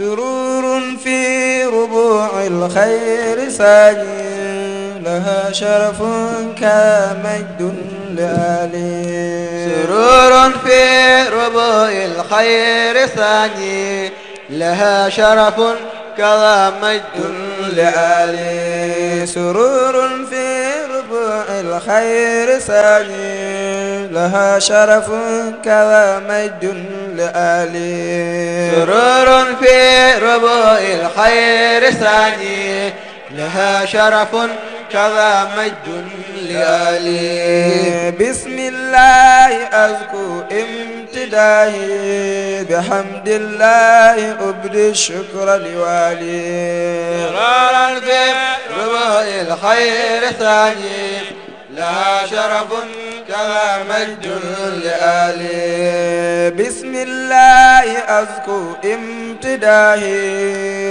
سرور في ربوع الخير ساجي لها شرف كمجد لآلي سرور في ربوع الخير ساجي لها شرف كذا مجد لآلي سرور في ربوع الخير ساجي لها شرف كذا مجد لآلي سرور في ربوع الخير ثاني لها شرف كذا مجد لآلي بسم الله أذكو امتداه بحمد الله أبدي الشكر لوالي مرارا في ربوع الخير ثاني لها شرف كما مجد لآله بسم الله أذكو امتداهي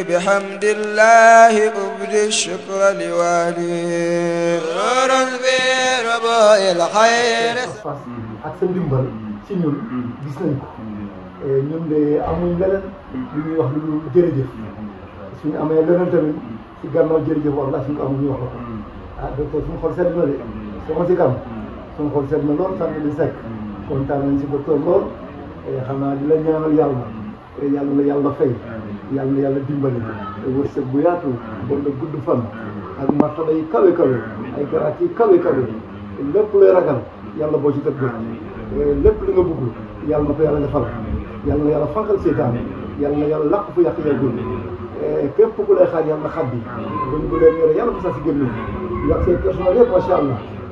بحمد الله أبدي الشكر لوالي سرور في ربوع الخير ak sa ndimbal ci ñun gis eh, ñun de amuñ leneen lu ñuy wax lu ñu jërëjëf si gannaaw jërëjëf wax la suñu ko amuñu wax la ah docteur suñu xol sedd de ko ci kam suñu xool mm. seet na lool sant di sekk mm. kontaan nañ si docteur lool eh, xam naa di la ñaanal yàlla mm. eh, yàlla la yàlla fay yàlla na yàlla dimbali eh, wërsëg bu yaatu bon na gudd fan ak martaba yi kawe kawe ay garaat yi kawe kawe lépp lay ragal yàlla boo ci tëg bët lépp li nga bugg yàlla na ko yàlla defal yàlla na yàlla fanqal seytaan yàlla na yàlla làq fu yàq yeggul képp ku lay xaar yàlla xat bi buñ bu leen yore yàlla ko sax si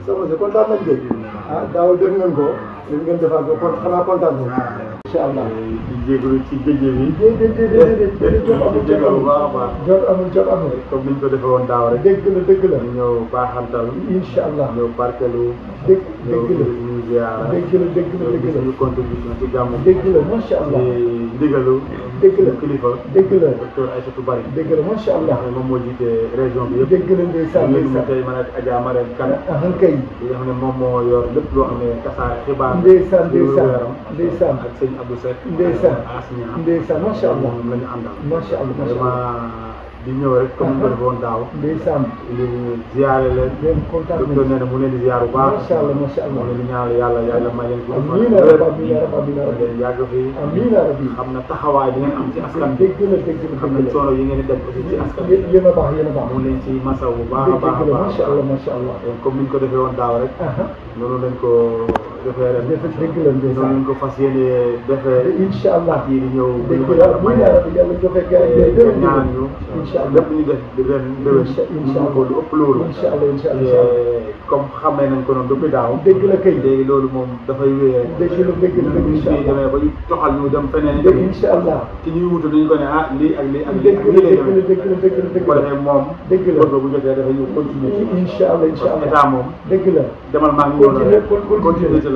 soxna si kontaan nañ de ah, ah daaw def ngeen ko li ngeen defaat ko kon xanaa kontaan nañ. Ah. incha allah di jégalu ci géej bi. déedéet déedéet déedéet jot amul jot amul jot amul jot amul. comme ni ñu ko defee woon daaw rek. dëgg la dëgg la. ñëw baaxantal. incha allah ñëw barkelu. dëgg dëgg la ñëw ziara. dëgg la dëgg la dëgg la ñu contribution ci gàmmu. dëgg la macha allah ci ndigalu. dëgg la kilifa dëgg la docteur Aïssatou Bari dëgg la macha allah moom moo jiite région bi yëpp dëgg la ndeysaan ndeysaan tey ah, ah, moom moo yor lépp loo xam ne tasaare xibaar ndeysaan ndeysaan ndeysaan ak sëñ Abdou Seck ndeysaan asmia ndeysaan macha allah moom la ñu àndal macha allah vraiment di ñëw rek comme ni ko defoon daaw. ndeysaan di ziare leen. leen kontaan na mu leen di ziar bu baax. macha allah macha allah mu leen di ñaanal yàlla yàlla may leen. amiin yaa rabbi yaa rabbi yaa na taxawaay bi ngeen askan bi. dégg la dégg yi ngeen di def aussi ci askan bi. yéen a baax mu leen ci masaw baax baax a baax. macha comme ni ñu ko defee woon daaw rek. noonu lañ ko. defee ko fas yéene defee. incha allah di ñëw di eh, ñëw lépp ñu def di ren déwén. incha allah ko du ëpp loolu. incha allah eh, comme xamee nañ ko noonu depuis daaw. dëgg la kay léegi loolu moom dafay wéyee. dëgg la dëgg la incha allah demee ba ñu toxal ñu dem feneen. dëgg incha allah ci ñuy wutu dañu ko ne ah lii ak lii ak lii. dëgg la dëgg la dëgg la dëgg la dëgg la dëgg moom. dëgg la bu jotee dafay ñu continuer. incha allah incha allah état moom. dëgg la demal maa ngi woon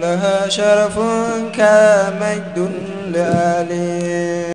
لها شرف كمجد لآله